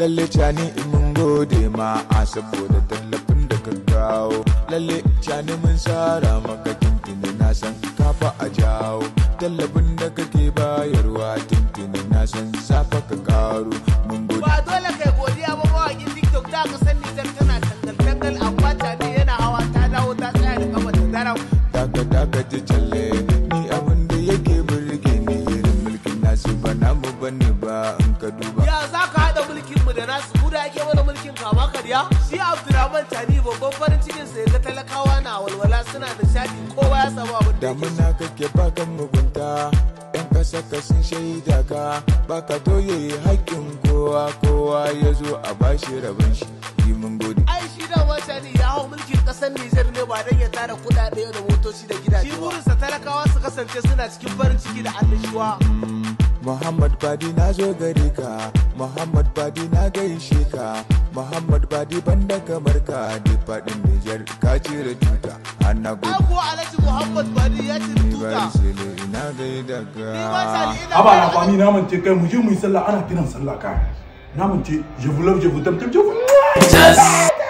lalle cani mun gode ma a saboda tallafin da ka kawo lalle cani mun tsara maka tintini na san kafa a jawo tallafin da kake bayarwa tintini na san safa ka karu mun gode ba dole kai godiya ba mawaƙin tiktok da ka san tana tangal-tangal amma cani yana hawa ta dawo ta tsaya da kama ta darau daga daga ji challe ni abin da yake burge ni irin mulkin nasu ba namu bane ba in ka duba mu ake mana mulkin kama karya shi abdurrahman tani babban farin cikin sa ga talakawa na walwala suna da shaɗi kowa ya samu abin da muna kake bakan mugunta yan kasa ka sun shaida ka baka toye haƙƙin kowa kowa ya zo a bashi rabin shi yi mun gode ai shi da wata ya hau mulkin ƙasar Nijar ne ba dan ya tara kuɗaɗe da motoci da gidaje shi burinsa talakawa su kasance suna cikin farin ciki da annashuwa Muhammad Badi na zo gare ka Muhammad Badi na gaishe ka Muhammad Badi banda kamar ka da fadin Niger ka cire tuta ana go Ako Alhaji Muhammad Badi ya ci tuta. Ina gaida ka. Aba na fami na mance kai mu je mu yi sallah ana kiran sallah ka. Na mance je vlog je vutam tam je. Just